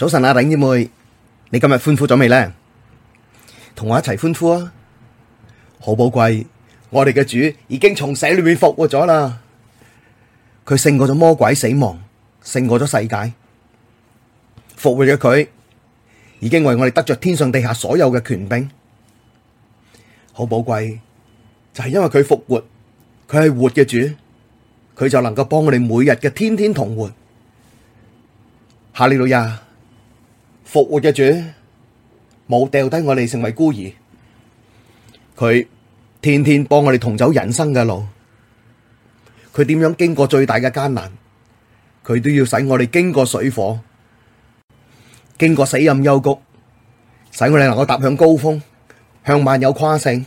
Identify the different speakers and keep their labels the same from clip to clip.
Speaker 1: 早晨啊，頂姐妹，你今日歡呼咗未咧？同我一齊歡呼啊！好寶貴，我哋嘅主已經從死裏面復活咗啦。佢勝過咗魔鬼死亡，勝過咗世界。復活咗佢，已經為我哋得着天上地下所有嘅權柄。好寶貴，就係因為佢復活，佢係活嘅主，佢就能夠幫我哋每日嘅天天同活。哈利路亞。復活嘅主冇掉低我哋成為孤兒，佢天天幫我哋同走人生嘅路，佢點樣經過最大嘅艱難，佢都要使我哋經過水火，經過死蔭幽谷，使我哋能夠踏向高峰，向萬有誇勝。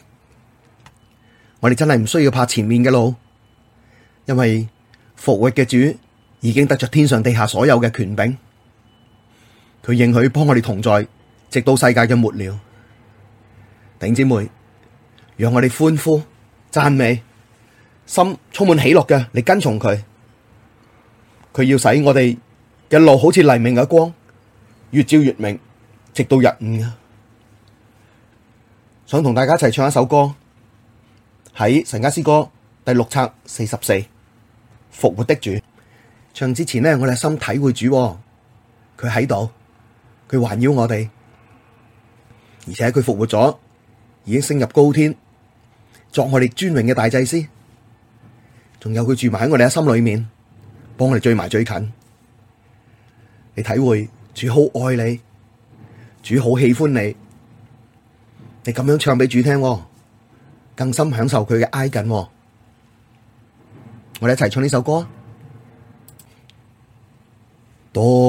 Speaker 1: 我哋真係唔需要怕前面嘅路，因為復活嘅主已經得着天上地下所有嘅權柄。佢應許幫我哋同在，直到世界嘅末了。頂姊妹，讓我哋歡呼讚美，心充滿喜樂嘅，嚟跟從佢。佢要使我哋嘅路好似黎明嘅光，越照越明，直到日午。想同大家一齊唱一首歌，喺《神家詩歌》第六冊四十四復活的主。唱之前呢，我哋心體會主，佢喺度。佢環繞我哋，而且佢復活咗，已經升入高天，作我哋尊榮嘅大祭司。仲有佢住埋喺我哋嘅心裏面，幫我哋追埋最近。你體會主好愛你，主好喜歡你，你咁樣唱俾主聽，更深享受佢嘅挨緊。我哋一齊唱呢首歌。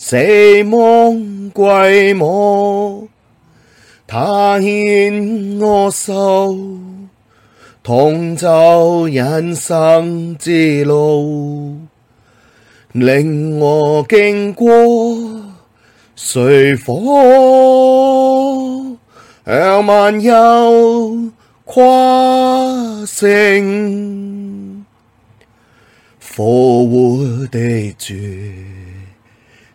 Speaker 2: 死亡鬼魔，他牽我手，同走人生之路，領我經過水火，向萬有誇勝。復活的主，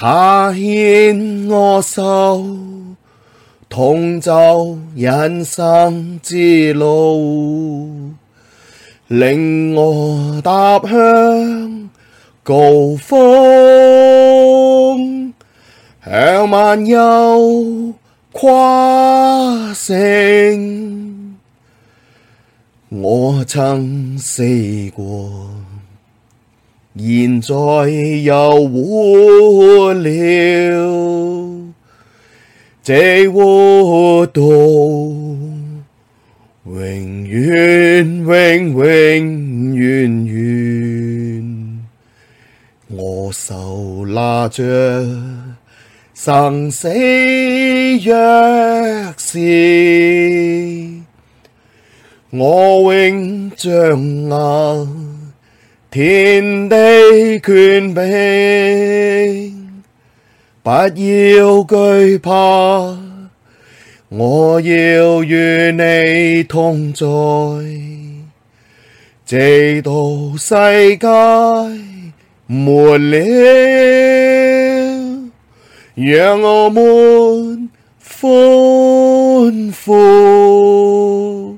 Speaker 2: 他牽我手，同走人生之路，領我踏向高峰，向萬有誇勝。我曾死過。現在又活了，直活到永遠，永永遠遠，我手拿着生死鑰匙，我永像硬。天地權柄，不要懼怕，我要與你同在，直到世界末了，讓我們歡呼。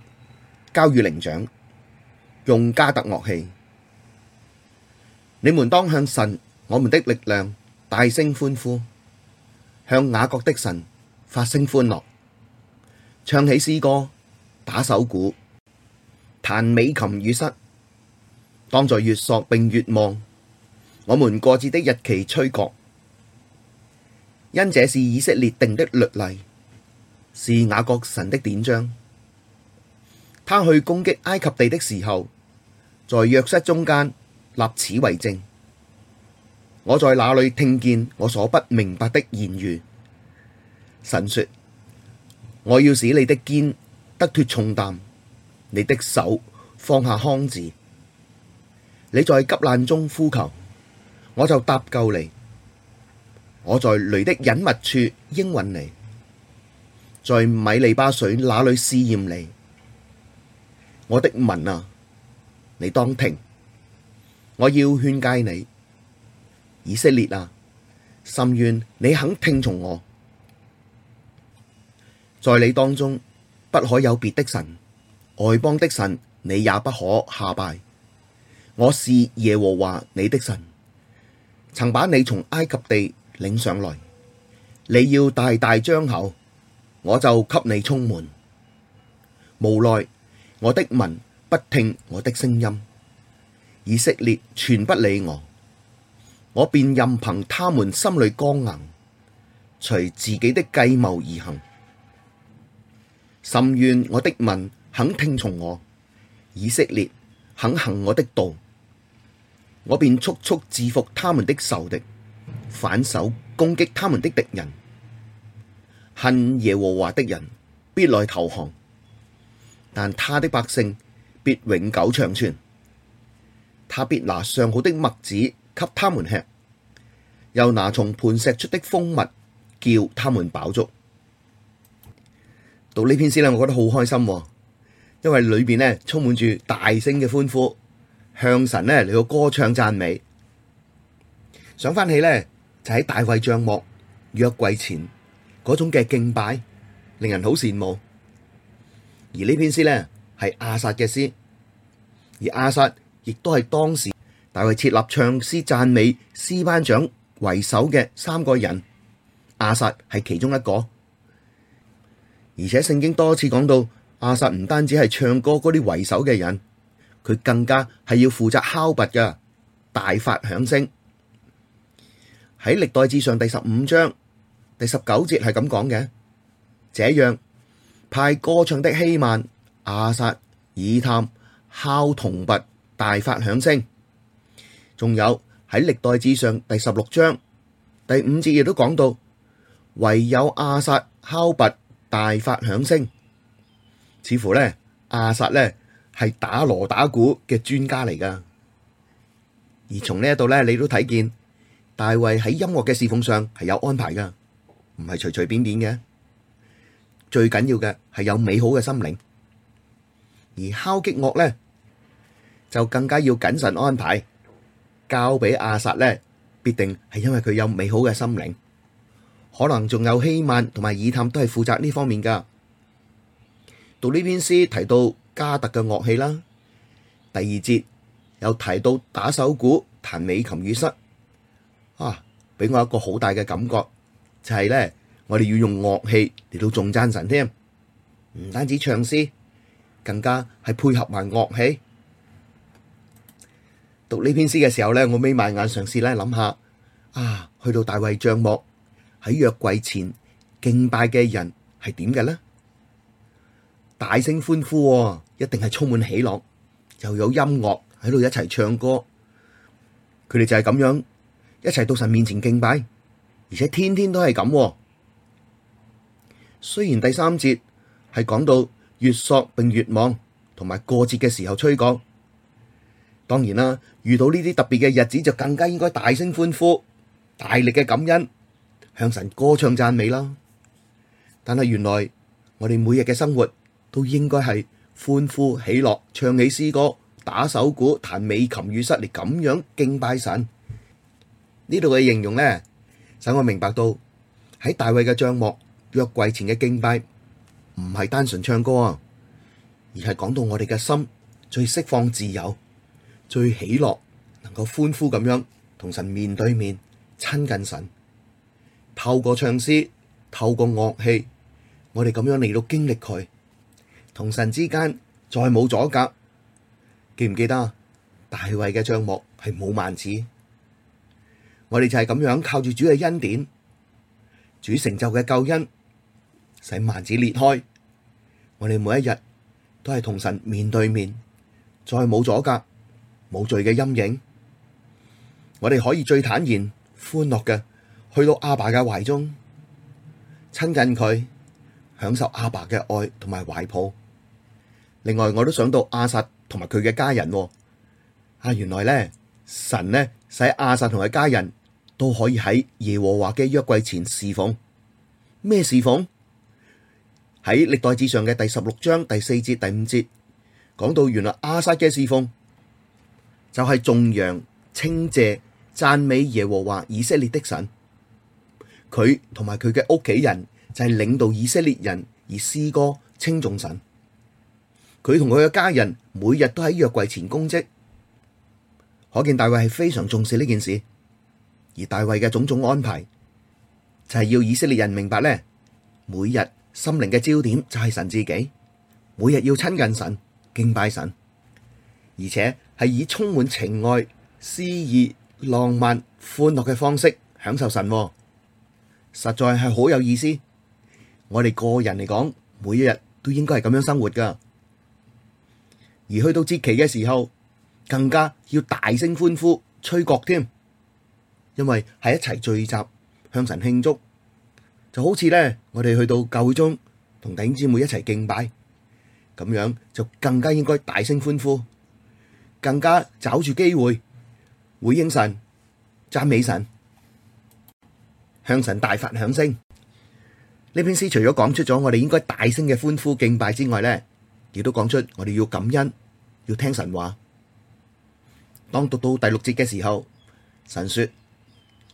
Speaker 1: 交與伶長，用迦特樂器，你們當向神我們的力量大聲歡呼，向雅各的神發聲歡樂，唱起詩歌，打手鼓，彈美琴與瑟，當在月朔並月望，我們過節的日期吹角，因這是以色列定的律例，是雅各神的典章。他去攻擊埃及地的時候，在約瑟中間立此為證。我在那裏聽見我所不明白的言語，神說：我要使你的肩得脫重擔，你的手放下筐子。你在急難中呼求，我就搭救你；我在雷的隱密處應允你，在米利巴水那裏試驗你。我的民啊，你當聽，我要勸誡你，以色列啊，甚願你肯聽從我，在你當中不可有別的神，外邦的神你也不可下拜，我是耶和華你的神，曾把你從埃及地領上來，你要大大張口，我就給你充滿，無奈。我的民不聽我的聲音，以色列全不理我，我便任憑他們心裡剛硬，隨自己的計謀而行。甚願我的民肯聽從我，以色列肯行我的道，我便速速治服他們的仇敵，反手攻擊他們的敵人，恨耶和華的人必來投降。但他的百姓必永久長存，他必拿上好的麥子給他們吃，又拿從磐石出的蜂蜜叫他們飽足。讀呢篇詩呢，我覺得好開心，因為裏邊呢充滿住大聲嘅歡呼，向神呢嚟到歌唱讚美。想翻起呢，就喺、是、大衛帳幕約櫃前嗰種嘅敬拜，令人好羨慕。而呢篇詩呢係亞薩嘅詩，而亞薩亦都係當時大衛設立唱詩讚美詩班長為首嘅三個人，亞薩係其中一個。而且聖經多次講到亞薩唔單止係唱歌嗰啲為首嘅人，佢更加係要負責敲鈸㗎，大發響聲。喺歷代志上第十五章第十九節係咁講嘅，這樣。派歌唱的希曼、亞薩、以探敲銅鈸，鈸大發響聲。仲有喺歷代志上第十六章第五節，亦都講到，唯有亞薩敲鈸，鈸大發響聲。似乎呢，亞薩呢係打鑼打鼓嘅專家嚟㗎。而從呢一度呢，你都睇見大衛喺音樂嘅侍奉上係有安排㗎，唔係隨隨便便嘅。最緊要嘅係有美好嘅心靈，而敲擊樂咧就更加要謹慎安排。交俾亞薩咧，必定係因為佢有美好嘅心靈，可能仲有希曼同埋以探都係負責呢方面噶。讀呢篇詩提到加特嘅樂器啦，第二節又提到打手鼓、彈美琴與瑟，啊，俾我一個好大嘅感覺就係咧。我哋要用樂器嚟到頌讚神添，唔單止唱詩，更加係配合埋樂器。讀呢篇詩嘅時候咧。我眯埋眼嘗試咧諗下啊，去到大衛帳幕喺約櫃前敬拜嘅人係點嘅咧？大聲歡呼，一定係充滿喜樂，又有音樂喺度一齊唱歌。佢哋就係咁樣一齊到神面前敬拜，而且天天都係咁。雖然第三節係講到月朔並月望，同埋過節嘅時候吹角，當然啦，遇到呢啲特別嘅日子就更加應該大聲歡呼、大力嘅感恩，向神歌唱讚美啦。但係原來我哋每日嘅生活都應該係歡呼喜樂、唱起詩歌、打手鼓、彈美琴與瑟嚟，咁樣敬拜神。呢度嘅形容呢，使我明白到喺大衛嘅帳幕。約櫃前嘅敬拜唔係單純唱歌，啊，而係講到我哋嘅心最釋放自由、最喜樂，能夠歡呼咁樣同神面對面親近神。透過唱詩、透過樂器，我哋咁樣嚟到經歷佢，同神之間再冇阻隔。記唔記得啊？大衛嘅帳幕係冇幔子，我哋就係咁樣靠住主嘅恩典，主成就嘅救恩。使幔子裂開，我哋每一日都係同神面對面，再冇阻隔，冇罪嘅陰影。我哋可以最坦然、歡樂嘅去到阿爸嘅懷中，親近佢，享受阿爸嘅愛同埋懷抱。另外，我都想到亞薩同埋佢嘅家人。啊，原來咧神咧使亞薩同佢家人都可以喺耶和華嘅約櫃前侍奉。咩侍奉？喺歷代志上嘅第十六章第四節、第五節，講到原來亞薩嘅侍奉就係頌揚、稱謝、讚美耶和華以色列的神。佢同埋佢嘅屋企人就係、是、領導以色列人而詩歌稱頌神。佢同佢嘅家人每日都喺約櫃前供職，可見大衛係非常重視呢件事。而大衛嘅種種安排就係、是、要以色列人明白咧，每日。心靈嘅焦點就係神自己，每日要親近神、敬拜神，而且係以充滿情愛、詩意、浪漫、歡樂嘅方式享受神，實在係好有意思。我哋個人嚟講，每一日都應該係咁樣生活㗎。而去到節期嘅時候，更加要大聲歡呼、吹角添，因為係一齊聚集向神慶祝。就好似咧，我哋去到教會中，同弟兄姊妹一齊敬拜，咁樣就更加應該大聲歡呼，更加找住機會回應神、讚美神、向神大發響聲。呢篇詩除咗講出咗我哋應該大聲嘅歡呼敬拜之外咧，亦都講出我哋要感恩、要聽神話。當讀到第六節嘅時候，神說，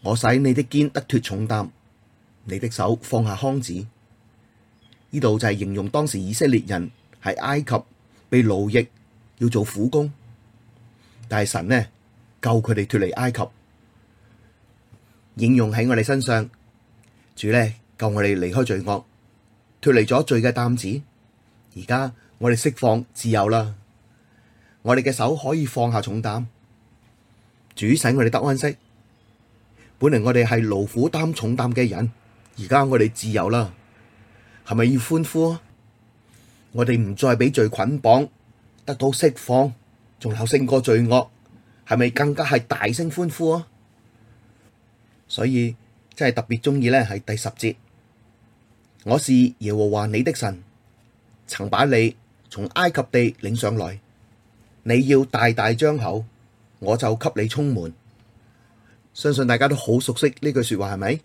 Speaker 1: 我使你的肩得脫重擔。你的手放下筐子，呢度就係形容當時以色列人喺埃及被奴役，要做苦工，但係神呢救佢哋脱離埃及，應用喺我哋身上，主呢救我哋離開罪惡，脫離咗罪嘅擔子，而家我哋釋放自由啦，我哋嘅手可以放下重擔，主使我哋得安息，本嚟我哋係勞苦擔重擔嘅人。而家我哋自由啦，係咪要歡呼？我哋唔再俾罪捆綁，得到釋放，仲有勝過罪惡，係咪更加係大聲歡呼啊？所以真係特別中意咧，係第十節。我是耶和華你的神，曾把你從埃及地領上來，你要大大張口，我就給你充滿。相信大家都好熟悉呢句說話，係咪？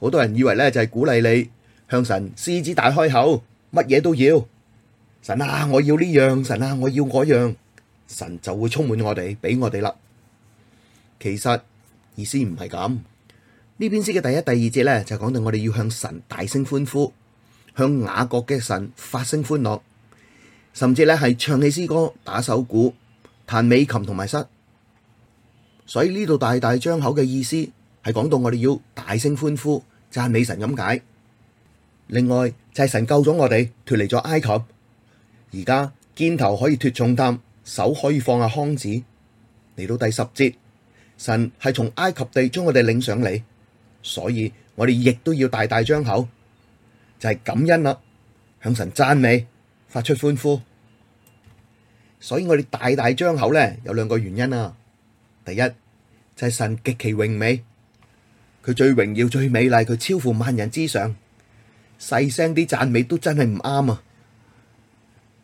Speaker 1: 好多人以為咧就係鼓勵你向神獅子大開口，乜嘢都要神啊，我要呢樣，神啊，我要嗰樣，神就會充滿我哋，俾我哋啦。其實意思唔係咁。呢篇詩嘅第一、第二節咧就係講到我哋要向神大聲歡呼，向雅各嘅神發聲歡樂，甚至咧係唱起詩歌、打手鼓、彈美琴同埋瑟。所以呢度大大張口嘅意思係講到我哋要大聲歡呼。讚美神咁解，另外就係、是、神救咗我哋脫離咗埃及，而家肩頭可以脱重擔，手可以放下、啊、筐子。嚟到第十節，神係從埃及地將我哋領上嚟，所以我哋亦都要大大張口，就係、是、感恩啦，向神讚美，發出歡呼，所以我哋大大張口咧有兩個原因啊，第一就係、是、神極其榮美。佢最榮耀、最美麗，佢超乎萬人之上。細聲啲讚美都真係唔啱啊！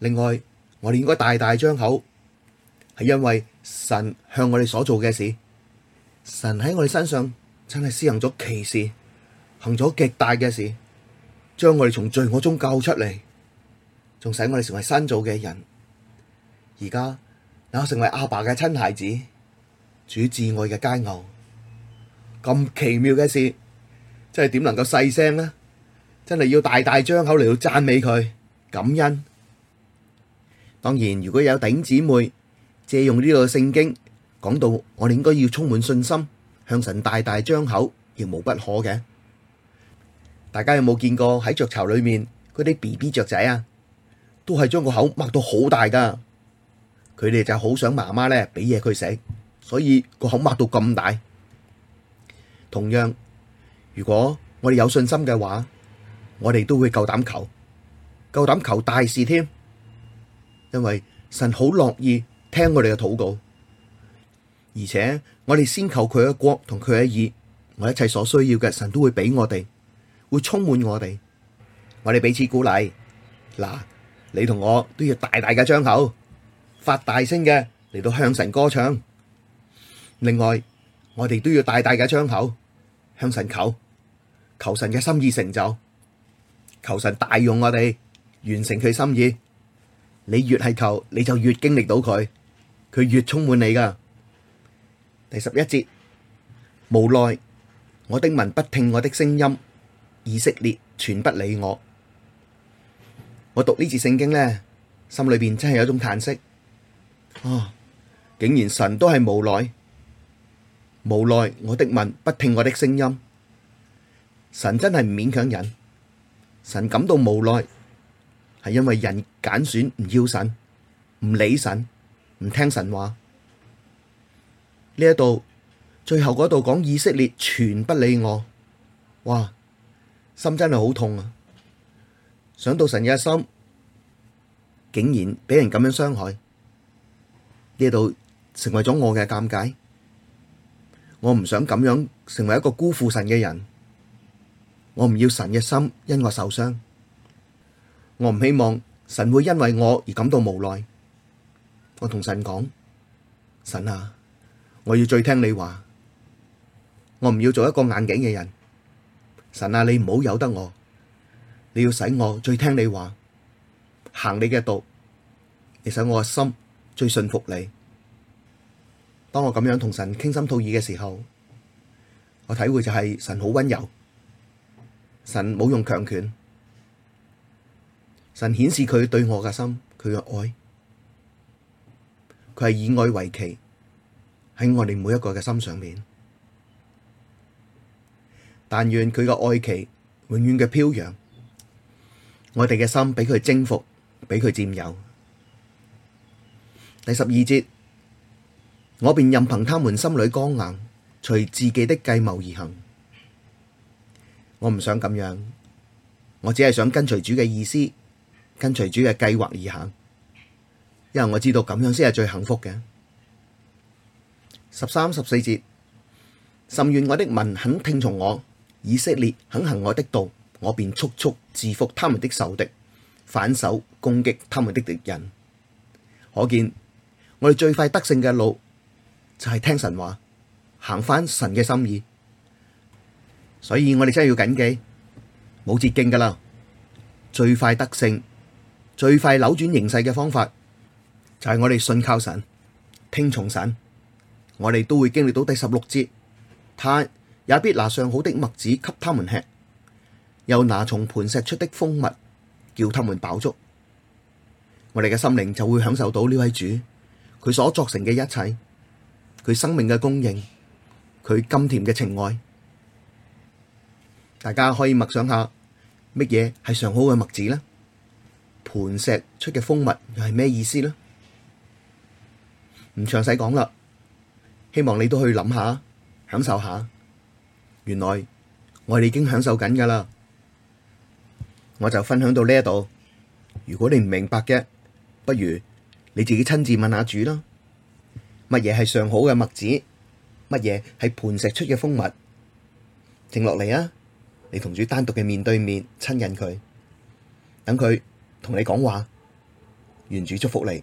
Speaker 1: 另外，我哋應該大大張口，係因為神向我哋所做嘅事，神喺我哋身上真係施行咗奇事，行咗極大嘅事，將我哋從罪惡中救出嚟，仲使我哋成為新造嘅人。而家我成為阿爸嘅親孩子，主至愛嘅佳偶。咁奇妙嘅事，真係點能夠細聲呢？真係要大大張口嚟到讚美佢，感恩。當然，如果有頂姊妹借用呢個聖經講到，我哋應該要充滿信心，向神大大張口，亦無不可嘅。大家有冇見過喺雀巢裏面嗰啲 B B 雀仔啊？都係將個口擘到好大噶，佢哋就好想媽媽咧俾嘢佢食，所以個口擘到咁大。同樣，如果我哋有信心嘅話，我哋都會夠膽求，夠膽求大事添。因為神好樂意聽我哋嘅禱告，而且我哋先求佢嘅國同佢嘅義，我一切所需要嘅神都會俾我哋，會充滿我哋。我哋彼此鼓勵，嗱，你同我都要大大嘅張口，發大聲嘅嚟到向神歌唱。另外，我哋都要大大嘅張口。向神求，求神嘅心意成就，求神大用我哋完成佢心意。你越係求，你就越經歷到佢，佢越充滿你噶。第十一節，無奈我的民不聽我的聲音，以色列全不理我。我讀呢節聖經呢，心裏邊真係有一種嘆息，
Speaker 2: 啊，
Speaker 1: 竟然神都係無奈。無奈我的民不聽我的聲音，神真係唔勉強人，神感到無奈，係因為人揀選唔要神，唔理神，唔聽神話。呢一度最後嗰度講以色列全不理我，哇，心真係好痛啊！想到神嘅心，竟然俾人咁樣傷害，呢度成為咗我嘅尷尬。我唔想咁樣成為一個辜負神嘅人，我唔要神嘅心因我受傷，我唔希望神會因為我而感到無奈。我同神講，神啊，我要最聽你話，我唔要做一個硬頸嘅人。神啊，你唔好由得我，你要使我最聽你話，行你嘅道，你使我嘅心最信服你。當我咁樣同神傾心吐意嘅時候，我體會就係神好溫柔，神冇用強權，神顯示佢對我嘅心，佢嘅愛，佢係以愛為旗，喺我哋每一個嘅心上面。但願佢嘅愛旗永遠嘅飄揚，我哋嘅心俾佢徵服，俾佢佔有。第十二節。我便任憑他們心裡剛硬，隨自己的計謀而行。我唔想咁樣，我只係想跟隨主嘅意思，跟隨主嘅計劃而行。因為我知道咁樣先係最幸福嘅。十三、十四節，甚願我的民肯聽從我，以色列肯行我的道，我便速速治服他們的仇敵，反手攻擊他們的敵人。可見我哋最快得勝嘅路，就係聽神話，行翻神嘅心意，所以我哋真係要謹記，冇捷徑噶啦，最快得勝、最快扭轉形勢嘅方法，就係、是、我哋信靠神、聽從神。我哋都會經歷到第十六節，他也必拿上好的麥子給他們吃，又拿從磐石出的蜂蜜，叫他們飽足。我哋嘅心靈就會享受到呢位主，佢所作成嘅一切。佢生命嘅供應，佢甘甜嘅情愛，大家可以默想下乜嘢係上好嘅麥子呢？磐石出嘅蜂蜜又係咩意思呢？唔詳細講啦，希望你都去諗下，享受下。原來我哋已經享受緊噶啦，我就分享到呢一度。如果你唔明白嘅，不如你自己親自問下主啦。乜嘢係上好嘅麥子？乜嘢係磐石出嘅蜂蜜？靜落嚟啊！你同主單獨嘅面對面親近佢，等佢同你講話，願主祝福你。